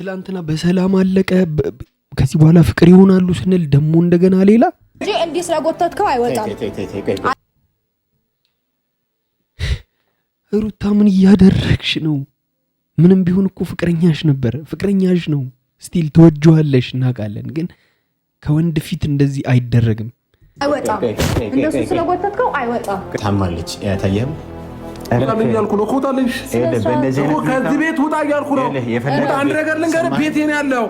ትላንትና በሰላም አለቀ። ከዚህ በኋላ ፍቅር ይሆናሉ ስንል ደግሞ እንደገና ሌላ እንዲህ ስለጎተትከው አይወጣም። ሩታ ምን እያደረግሽ ነው? ምንም ቢሆን እኮ ፍቅረኛሽ ነበር፣ ፍቅረኛሽ ነው። ስቲል ተወጅዋለሽ፣ እናውቃለን። ግን ከወንድ ፊት እንደዚህ አይደረግም። ታማለች። አታየህም? ነው ከዚህ ቤት ውጣ እያልኩ ነው። አንድ ነገር ልንገርህ፣ ቤቴ ነው ያለው፣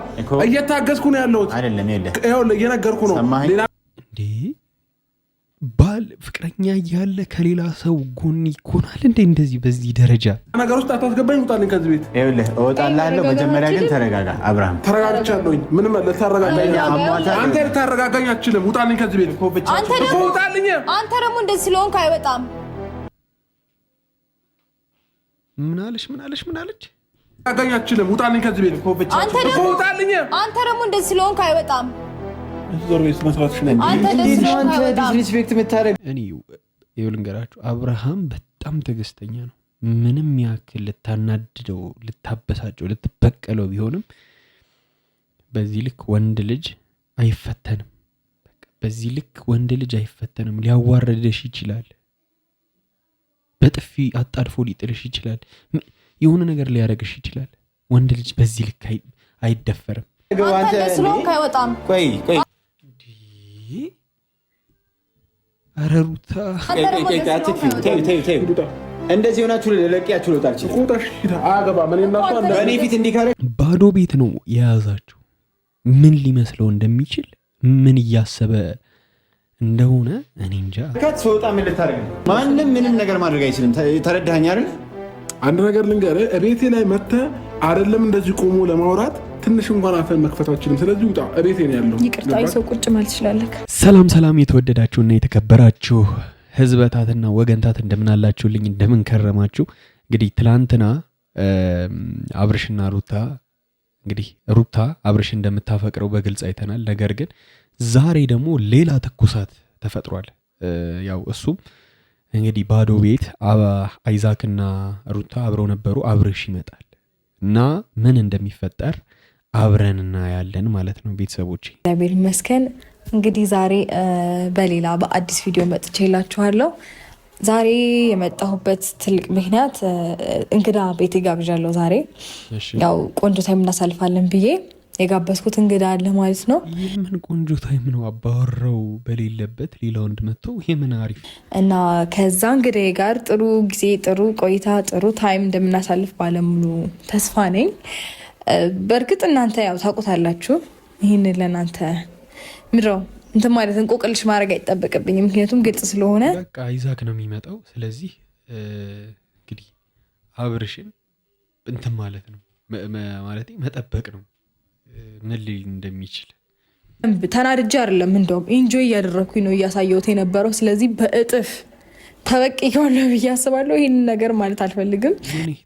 እየታገዝኩ ነው ያለሁት፣ እየነገርኩ ነው ባል ፍቅረኛ እያለ ከሌላ ሰው ጎን ይኮናል እንዴ? እንደዚህ በዚህ ደረጃ ነገር ውስጥ አታስገባኝ። ውጣልኝ ከዚህ ቤት። ይኸውልህ እወጣልሃለሁ። መጀመሪያ ግን ተረጋጋ አብርሃም። ተረጋግቻለሁኝ። ምንም አንተ ልታረጋጋኝ አችልም። ውጣልኝ ከዚህ ቤት። ውጣልኝ። አንተ ደግሞ እንደዚህ ስለሆንክ አይወጣም። ምን አለች? ምናለች? አለች? አችልም። አለች? ውጣልኝ ከዚህ ቤት። አንተ ደግሞ እንደዚህ ስለሆንክ አይወጣም ልንገራችሁ አብርሃም በጣም ትዕግስተኛ ነው። ምንም ያክል ልታናድደው፣ ልታበሳጨው፣ ልትበቀለው ቢሆንም በዚህ ልክ ወንድ ልጅ አይፈተንም። በዚህ ልክ ወንድ ልጅ አይፈተንም። ሊያዋረደሽ ይችላል። በጥፊ አጣድፎ ሊጥልሽ ይችላል። የሆነ ነገር ሊያደርግሽ ይችላል። ወንድ ልጅ በዚህ ልክ አይደፈርም። እንደዚህ ሆናችሁ ለቂያችሁ በእኔ ፊት ባዶ ቤት ነው የያዛችሁ። ምን ሊመስለው እንደሚችል ምን እያሰበ እንደሆነ እኔ እንጃ። ስወጣ ምን ልታደርግ ነው? ማንም ምንም ነገር ማድረግ አይችልም። ተረዳኸኝ አይደል? አንድ ነገር ልንገርህ፣ ቤቴ ላይ መተህ አይደለም እንደዚህ ቆሞ ለማውራት ትንሽ እንኳን አፈን መክፈት ስለዚህ ውጣ፣ እቤቴ ነው ያለው። ይቅርታ ሰው ቁጭ ማለት ትችላለህ። ሰላም ሰላም፣ የተወደዳችሁና የተከበራችሁ ህዝበታትና ወገንታት እንደምናላችሁልኝ፣ እንደምንከረማችሁ። እንግዲህ ትላንትና አብርሽና ሩታ እንግዲህ ሩታ አብርሽ እንደምታፈቅረው በግልጽ አይተናል። ነገር ግን ዛሬ ደግሞ ሌላ ትኩሳት ተፈጥሯል። ያው እሱም እንግዲህ ባዶ ቤት አይዛክና ሩታ አብረው ነበሩ። አብርሽ ይመጣል እና ምን እንደሚፈጠር አብረን እናያለን ማለት ነው። ቤተሰቦች እግዚአብሔር ይመስገን። እንግዲህ ዛሬ በሌላ በአዲስ ቪዲዮ መጥቼላችኋለሁ። ዛሬ የመጣሁበት ትልቅ ምክንያት እንግዳ ቤት ጋብዣለሁ። ዛሬ ያው ቆንጆ ታይም እናሳልፋለን ብዬ የጋበዝኩት እንግዳ አለ ማለት ነው። የምን ቆንጆ ታይም ነው አባወራው በሌለበት ሌላ ወንድ መጥቶ የምን አሪፍ እና ከዛ እንግዳ ጋር ጥሩ ጊዜ፣ ጥሩ ቆይታ፣ ጥሩ ታይም እንደምናሳልፍ ባለሙሉ ተስፋ ነኝ። በእርግጥ እናንተ ያው ታውቁታላችሁ። ይህን ለእናንተ ምድረው እንትን ማለት እንቆቅልሽ ማድረግ አይጠበቅብኝ፣ ምክንያቱም ግልጽ ስለሆነ በቃ ይዛክ ነው የሚመጣው። ስለዚህ እንግዲህ አብርሽን እንትን ማለት ነው ማለት መጠበቅ ነው ምን ሊል እንደሚችል ተናድጄ አይደለም፣ እንደውም ኢንጆይ እያደረግኩኝ ነው እያሳየሁት የነበረው። ስለዚህ በእጥፍ ተበቂ ከሆነ ብዬ አስባለሁ። ይህንን ነገር ማለት አልፈልግም።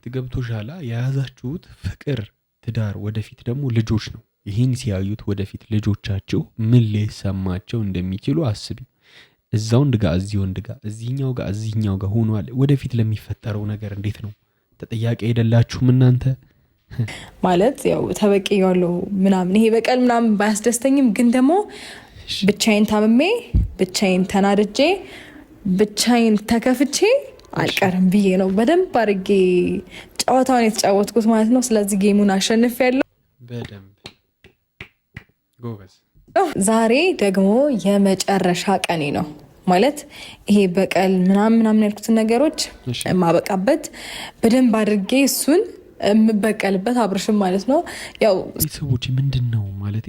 ትገብቶሻላ የያዛችሁት ፍቅር ትዳር፣ ወደፊት ደግሞ ልጆች ነው። ይህን ሲያዩት ወደፊት ልጆቻቸው ምን ሊሰማቸው እንደሚችሉ አስቢ። እዛ ወንድ ጋር እዚህ ወንድ ጋር እዚህኛው ጋር እዚህኛው ጋር ሆኗል። ወደፊት ለሚፈጠረው ነገር እንዴት ነው ተጠያቂ አይደላችሁም እናንተ? ማለት ያው ያለው ምናምን ይሄ በቀል ምናምን ባያስደስተኝም ግን ደግሞ ብቻዬን ታምሜ ብቻዬን ተናድጄ ብቻዬን ተከፍቼ አልቀርም ብዬ ነው በደንብ አድርጌ ጨዋታውን የተጫወትኩት ማለት ነው። ስለዚህ ጌሙን አሸንፍ ያለው በደንብ ጎበዝ። ዛሬ ደግሞ የመጨረሻ ቀኔ ነው ማለት ይሄ በቀል ምናምን ምናምን ያልኩትን ነገሮች የማበቃበት በደንብ አድርጌ እሱን የምበቀልበት አብርሽም ማለት ነው። ያው ቤተሰቦች ምንድን ነው ማለት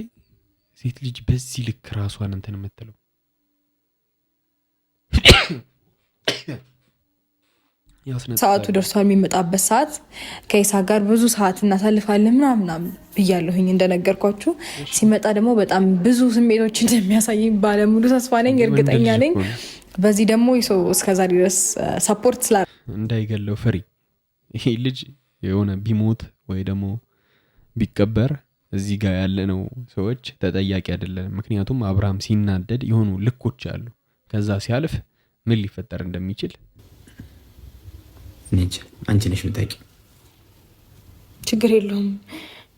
ሴት ልጅ በዚህ ልክ ራሷን እንትን የምትለው ሰዓቱ ደርሷል የሚመጣበት ሰዓት ከይሳ ጋር ብዙ ሰዓት እናሳልፋለን ምናምናምን ብያለሁኝ እንደነገርኳችሁ። ሲመጣ ደግሞ በጣም ብዙ ስሜቶች እንደሚያሳይ ባለሙሉ ተስፋ ነኝ፣ እርግጠኛ ነኝ። በዚህ ደግሞ ሰው እስከዛ ድረስ ሰፖርት ስላ እንዳይገለው ፍሪ ይሄ ልጅ የሆነ ቢሞት ወይ ደግሞ ቢቀበር እዚህ ጋር ነው ሰዎች ተጠያቂ አይደለን። ምክንያቱም አብርሃም ሲናደድ የሆኑ ልኮች አሉ። ከዛ ሲያልፍ ምን ሊፈጠር እንደሚችል ነጅ አንቺ ነሽ የምታውቂው። ችግር የለውም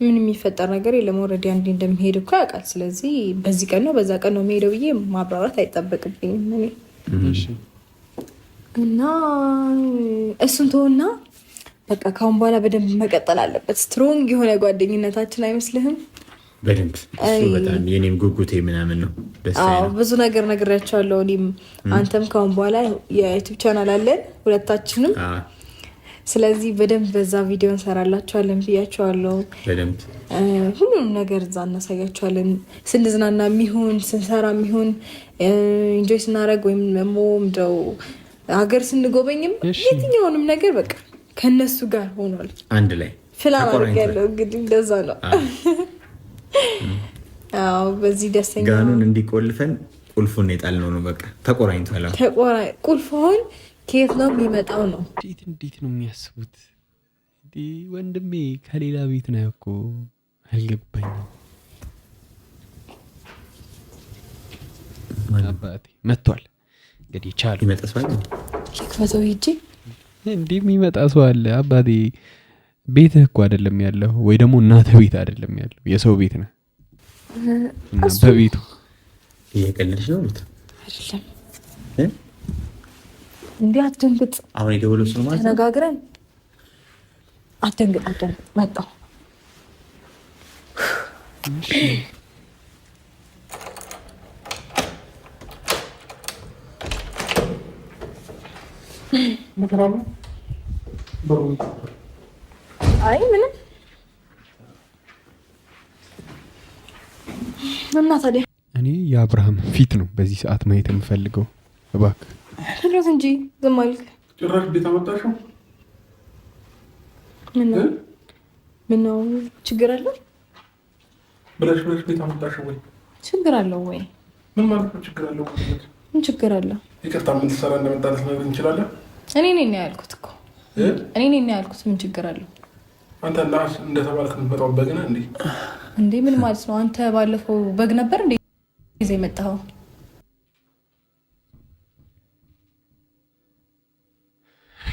ምን የሚፈጠር ነገር የለም። ኦልሬዲ አንዴ እንደሚሄድ እኮ ያውቃል። ስለዚህ በዚህ ቀን ነው በዛ ቀን ነው የሚሄደው ብዬ ማብራራት አይጠበቅብኝም እኔ እና እሱን ተውና በቃ ካሁን በኋላ በደንብ መቀጠል አለበት። ስትሮንግ የሆነ ጓደኝነታችን አይመስልህም? በደንብ የኔም ጉጉቴ ምናምን ነው። ብዙ ነገር ነግሬያቸዋለሁ። እኔም አንተም ካሁን በኋላ የዩቱብ ቻናል አለን ሁለታችንም ስለዚህ በደንብ በዛ ቪዲዮ እንሰራላችኋለን ብያቸዋለሁ። ሁሉንም ነገር እዛ እናሳያቸዋለን። ስንዝናና የሚሆን ስንሰራ የሚሆን ኢንጆይ ስናደርግ ወይም ደግሞ ምደው ሀገር ስንጎበኝም የትኛውንም ነገር በቃ ከእነሱ ጋር ሆኗል አንድ ላይ ፕላን አድርጌያለሁ። እንግዲህ እንደዛ ነው። አዎ በዚህ ደስተኛ ጋኑን እንዲቆልፈን ቁልፉን የጣልነው ነው። በቃ ተቆራኝቷል። ቁልፉን ከየት ነው የሚመጣው? ነው እንዴት እንዴት ነው የሚያስቡት? ወንድሜ ከሌላ ቤት ነው እኮ አልገባኝም። አባቴ መጥቷል። እንግዲህ ቻሉ ክፈተው ሂጂ። እንዲህ የሚመጣ ሰው አለ አባቴ? ቤትህ እኮ አይደለም ያለው፣ ወይ ደግሞ እናተ ቤት አይደለም ያለው፣ የሰው ቤት ነህ። በቤቱ እየቀለድሽ ነው አይደለም እንዲህ አትደንግጥ። አሁን የደወለው ሰው ማለት ተነጋግረን፣ አትደንግጥ፣ አትደንግጥ። መጣሁ አይ ምንም እና ታዲያ እኔ የአብርሃም ፊት ነው በዚህ ሰዓት ማየት የምፈልገው እባክህ ረት እንጂ ዝም አልክ። ጭራሽ ቤት አመጣሽው። ምነው ችግር አለው ብለሽ ብለሽ ቤት አመጣሽው ወይ? ችግር አለው ወይ? ምን ማለት ነው ችግር አለው? ምን ችግር አለው? ይቅርታ ምን ትሰራ እንደመጣለት ነገር እንችላለን። እኔ እኔ ያልኩት እኮ እኔ እኔ ያልኩት ምን ችግር አለው? አንተ እና እንደተባልክ የምትመጣው በግ ነህ እንዴ? እንዴ ምን ማለት ነው? አንተ ባለፈው በግ ነበር እንዴ ይዘህ የመጣኸው?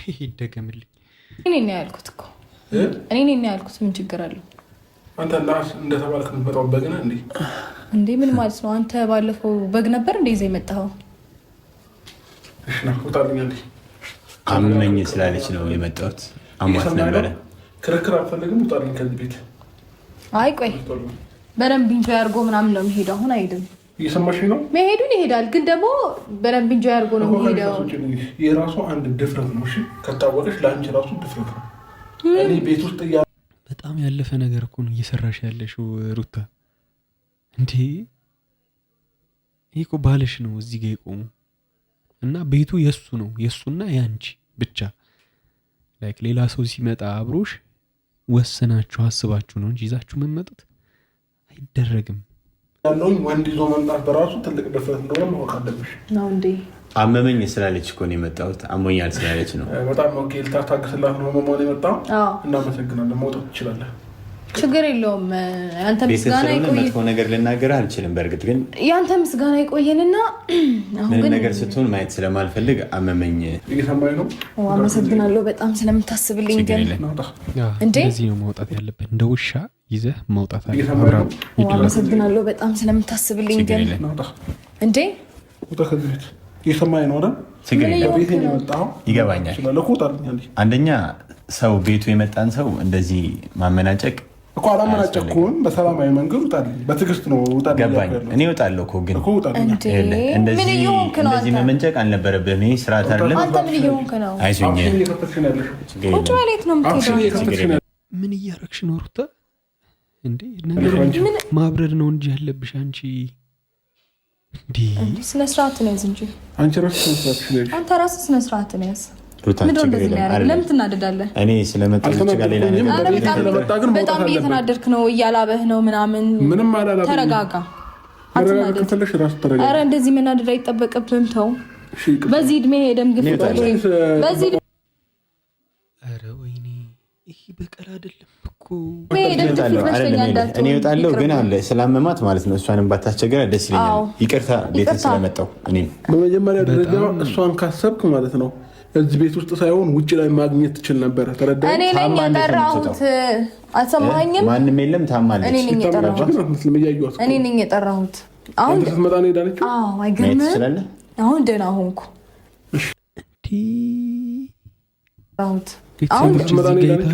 ይሄ ይደገምልኝ። እኔ ነው ያልኩት እኮ እኔ ነው ያልኩት። ምን ችግር አለው? አንተ ራስ እንደተባልክ የምትመጣው በግ ነህ እንዴ? እንዴ ምን ማለት ነው? አንተ ባለፈው በግ ነበር እንዴ ይዘህ የመጣኸው? አመኝ ስላለች ነው የመጣሁት። አሟት ነበረ። ክርክር አልፈልግም። ውጣልኝ ከዚህ ቤት። አይ ቆይ በደንብ ቢንቶ ያርጎ ምናምን ነው የሚሄደው። አሁን አይሄድም እየሰማሽ ነው። መሄዱን ይሄዳል፣ ግን ደግሞ በደንብ እንጆ ያርጎ ነው የሚሄደው። የራሱ አንድ ድፍረት ነው። እሺ ከታወቀሽ ለአንቺ ራሱ ድፍረት ነው። እኔ ቤት ውስጥ እያ በጣም ያለፈ ነገር እኮ ነው እየሰራሽ ያለሽው ሩታ። እንዴ ይህ እኮ ባልሽ ነው እዚህ ጋ የቆሙ እና ቤቱ የእሱ ነው የእሱና የአንቺ ብቻ። ላይክ ሌላ ሰው ሲመጣ አብሮሽ ወሰናችሁ አስባችሁ ነው እንጂ ይዛችሁ መመጡት አይደረግም። ያለውን ወንድ ይዞ መምጣት በራሱ ትልቅ ድፍረት እንደሆነ ማወቅ አለብሽ። አመመኝ ስላለች እኮ ነው የመጣሁት፣ አሞኛል ስላለች ነው። በጣም ኦኬ። ልታታግስላት ነው መሆን የመጣው። እናመሰግናለን። መውጣት ትችላለህ። ችግር የለውም። ያንተ ምስጋና መጥፎ ነገር ልናገር አልችልም። በእርግጥ ግን ያንተ ምስጋና ይቆየንና ምንም ነገር ስትሆን ማየት ስለማልፈልግ አመመኝ። አመሰግናለሁ በጣም ስለምታስብልኝ። ግን እንዴ ነው መውጣት ያለብን እንደ ውሻ ይዘህ መውጣት አመሰግናለሁ በጣም ስለምታስብልኝ። ግን እንዴ ነው ይገባኛል። አንደኛ ሰው ቤቱ የመጣን ሰው እንደዚህ ማመናጨቅ እኮ በሰላማዊ መንገድ ውጣልኝ፣ በትዕግስት ነው ውጣልኝ። ገባኝ። እኔ እወጣለሁ እኮ ግን እንደዚህ መመንጨቅ አልነበረብህም። ይሄ ስርዓት አይደለም። ምን እያረግሽ ነው እንዴ ማብረድ ነው እንጂ ያለብሽ አንቺ ስነ ነው ያዝ እንጂ አንቺ ራስሽ ስነ አንተ ራስህ ስነ ነው ያዝ። ነው፣ እያላበህ ነው ምናምን። እንደዚህ መናደድ አይጠበቅብህም። ተው። በዚህ እድሜ ወይኔ ይህ በቀል አይደለም። እኔ እወጣለሁ ግን አለ ስላመማት ማለት ነው። እሷንም ባታስቸገራ ደስ ይለኛል። ይቅርታ ቤት ስለመጣሁ እኔም በመጀመሪያ ደረጃ እሷን ካሰብክ ማለት ነው እዚህ ቤት ውስጥ ሳይሆን ውጭ ላይ ማግኘት ትችል ነበረ። ተረዳኸኝ? እኔ ነኝ የጠራሁት። አልሰማኸኝም? ማንም የለም። ታማለች። እኔ ነኝ የጠራሁት። አሁን ስትመጣ ነው ሄዳለች። አይገርምም? አሁን ደህና ሆንኩ። አሁን ስትመጣ ነው ሄዳለች።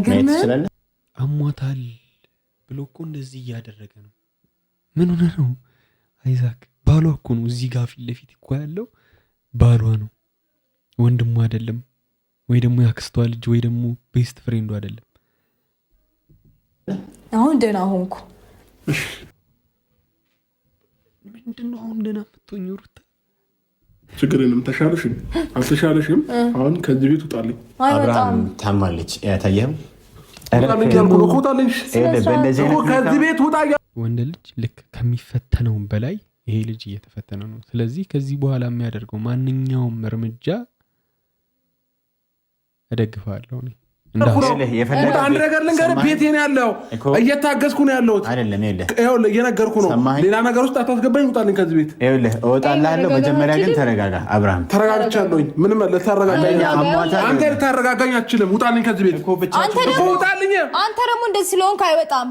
አይገርምም? አሟታል ብሎ እኮ እንደዚህ እያደረገ ነው። ምን ሆነ ነው አይዛክ? ባሏ እኮ ነው። እዚህ ጋር ፊት ለፊት እኮ ያለው ባሏ ነው፣ ወንድሙ አይደለም። ወይ ደግሞ ያክስቷ ልጅ ወይ ደግሞ ቤስት ፍሬንዱ አይደለም። አሁን ደህና ሆንኩ። ምንድነው አሁን ደህና የምትሆኝ ሩታ? ችግርንም ተሻለሽም አልተሻለሽም፣ አሁን ከዚህ ቤት ውጣልኝ። አብርሃም ታማለች ታየህም ከዚህ ቤት ውጣ። ወንድ ልጅ ልክ ከሚፈተነው በላይ ይሄ ልጅ እየተፈተነ ነው። ስለዚህ ከዚህ በኋላ የሚያደርገው ማንኛውም እርምጃ እደግፋለሁ እኔ። አንድ ነገር ልንገር፣ ቤት ነው ያለው። እየታገዝኩ ነው ያለሁት። እየነገርኩ ነው። ሌላ ነገር ውስጥ አታስገባኝ። ውጣልኝ ከዚህ ቤት። እወጣልሃለሁ። መጀመሪያ ግን ተረጋጋ። አብርሃም ተረጋግቻለሁኝ። ምንም አንተ ልታረጋጋኝ አችልም። ውጣልኝ ከዚህ ቤት። ውጣልኝ። አንተ ደግሞ እንደዚህ ስለሆንክ አይወጣም።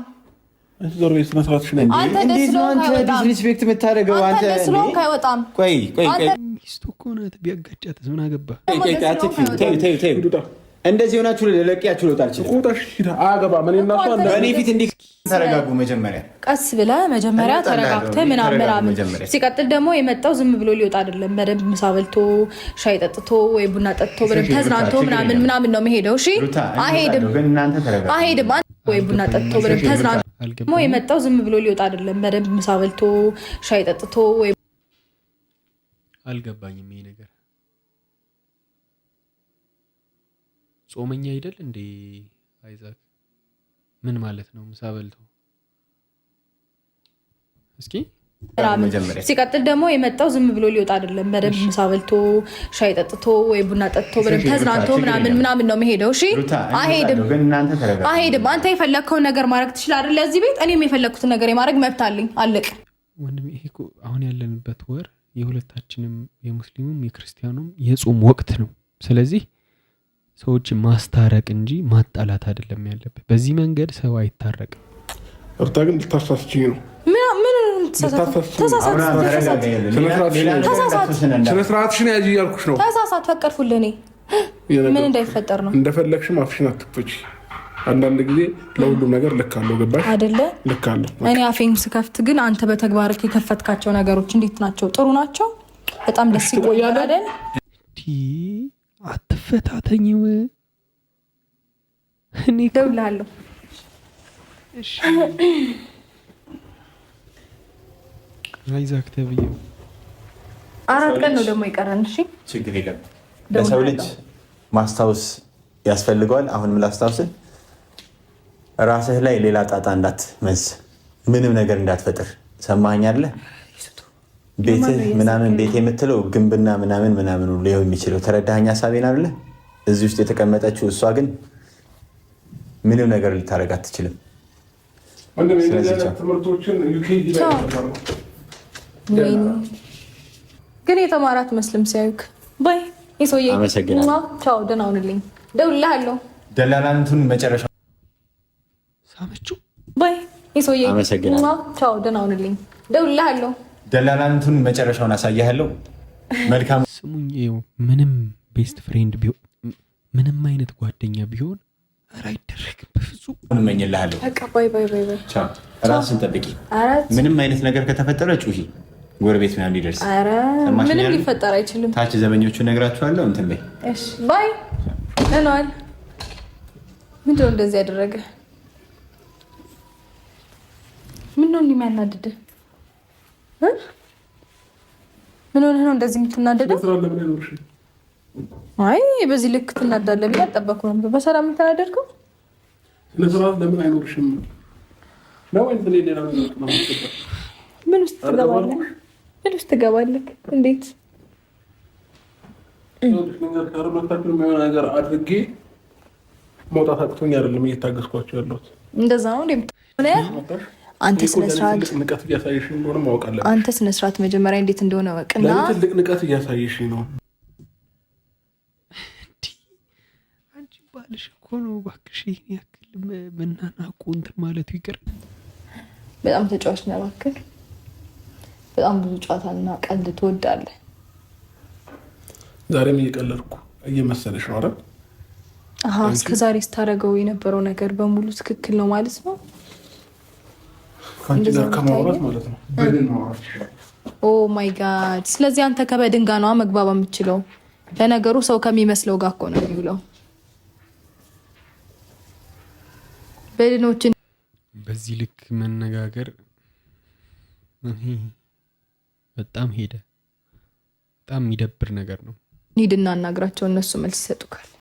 ዲስሪስፔክት የምታደርገው አንተ ስለሆንክ አይወጣም። ቆይ ሚስቱ እኮ ናት። ቢያጋጫትስ ምን አገባህ? እንደዚህ ሆናችሁ ለለቂያችሁ ልወጣ አልችልም። በእኔ ፊት እንዲህ ተረጋጉ። መጀመሪያ ቀስ ብለህ መጀመሪያ ተረጋግተህ ምናምን ምናምን። ሲቀጥል ደግሞ የመጣው ዝም ብሎ ሊወጣ አይደለም። በደንብ ምሳ በልቶ ሻይ ጠጥቶ ወይ ቡና ጠጥቶ በደንብ ተዝናንቶ ምናምን ምናምን ነው መሄደው። እሺ አሄድም አሄድም ወይ ቡና ጠጥቶ በደንብ ተዝናንቶ ደግሞ የመጣው ዝም ብሎ ሊወጣ አይደለም። በደንብ ምሳ በልቶ ሻይ ጠጥቶ ወይ አልገባኝም ይሄ ነገር ጾመኛ አይደል እንዴ አይዛክ? ምን ማለት ነው? ምሳ በልተው እስኪ ሲቀጥል ደግሞ የመጣው ዝም ብሎ ሊወጣ አይደለም። በደንብ ምሳ በልቶ ሻይ ጠጥቶ ወይ ቡና ጠጥቶ በደንብ ተዝናንቶ ምናምን ምናምን ነው መሄደው። እሺ አሄድም አሄድም። አንተ የፈለግከውን ነገር ማድረግ ትችላለህ ለዚህ ቤት። እኔም የፈለግኩትን ነገር የማድረግ መብት አለኝ። አለቅ ወንድሜ። ይሄ እኮ አሁን ያለንበት ወር የሁለታችንም የሙስሊሙም የክርስቲያኑም የጾም ወቅት ነው። ስለዚህ ሰዎች ማስታረቅ እንጂ ማጣላት አይደለም ያለብህ። በዚህ መንገድ ሰው አይታረቅም። እርታ ግን ልታሳስችኝ ነው። ስነስርዓትሽን ያዥ እያልኩሽ ነው። ተሳሳት ፈቀድኩልህ። እኔ ምን እንዳይፈጠር ነው። እንደፈለግሽም አፍሽን አትክፈች። አንዳንድ ጊዜ ለሁሉም ነገር ልክ አለው። ገባሽ አይደለ? ልክ አለው። እኔ አፌን ስከፍት ግን አንተ በተግባር የከፈትካቸው ነገሮች እንዴት ናቸው? ጥሩ ናቸው። በጣም ደስ ይቆያል አይደል? አትፈታተኝም። እኔ ደውላለሁ። አይዛክ ተብዬ አራት ቀን ነው ደግሞ ይቀረን። እሺ ችግር የለም። ለሰው ልጅ ማስታወስ ያስፈልገዋል። አሁንም ላስታውስን፣ ራስህ ላይ ሌላ ጣጣ እንዳትመዝ፣ ምንም ነገር እንዳትፈጥር። ሰማኸኝ አይደለ? ቤትህ ምናምን ቤት የምትለው ግንብና ምናምን ምናምን ሊሆን የሚችለው ተረዳኸኝ? ሀሳቤን አለ እዚህ ውስጥ የተቀመጠችው እሷ ግን ምንም ነገር ልታደርግ አትችልም። ግን የተማራት መስልም ሲያዩክ በይ የሰውዬ ቻው፣ ደህና ሁንልኝ፣ እደውልልሃለሁ። ደላላንቱን መጨረሻ ሳመችው። በይ የሰውዬ ቻው፣ ደህና ሁንልኝ፣ እደውልልሃለሁ ደላላንቱን መጨረሻውን አሳያለው። መልካም ስሙኝ። ይኸው ምንም ቤስት ፍሬንድ ቢሆን ምንም አይነት ጓደኛ ቢሆን ኧረ አይደረግም በፍጹም እመኝልሃለሁ። ራስሽን ጠብቂ። ምንም አይነት ነገር ከተፈጠረ ጩሂ፣ ጎረቤት ምናምን ሊደርስ ምንም ሊፈጠር አይችልም። ታች ዘመኞቹ ነግራችኋለሁ። እንትን በይ ባይ ለነዋል ምንድነው እንደዚህ ያደረገ? ምነው እንዲህ የሚያናድድ ምን ሆነህ ነው እንደዚህ የምትናደደው? አይ በዚህ ልክ ትናዳለህ ብዬ አልጠበኩም። በሰላም የምትናደድከው ለስራት ለምን አይኖርሽም? ምን ውስጥ ትገባለህ? ምን ውስጥ ትገባለህ? እንዴት የሆነ ነገር አድርጌ መውጣት አቅቶኝ አይደለም እየታገስኳቸው ያለሁት። እንደዛ ነው አንተ ስነስርዓት መጀመሪያ እንዴት እንደሆነ ወቅና ትልቅ ንቀት እያሳየሽ ነው። አንቺ ባልሽ እኮ ነው። እባክሽ ይህን ያክል መናናቁ እንትን ማለቱ ይቅር። በጣም ተጫዋች ነው። እባክህ በጣም ብዙ ጨዋታና ቀልድ ትወዳለህ። ዛሬም እየቀለድኩ እየመሰለሽ ነው አይደል? እስከዛሬ ስታደርገው የነበረው ነገር በሙሉ ትክክል ነው ማለት ነው። ከአንቺ ጋር ከማውራት ማለት ነው በድን ማውራት ኦ ማይ ጋድ። ስለዚህ አንተ ከበድን ጋር ነዋ የምችለው። ለነገሩ ሰው ከሚመስለው ጋር እኮ ነው የሚውለው። በድኖችን በዚህ ልክ መነጋገር በጣም ሄደ። በጣም የሚደብር ነገር ነው። ሂድ እናናግራቸው፣ እነሱ መልስ ይሰጡካል።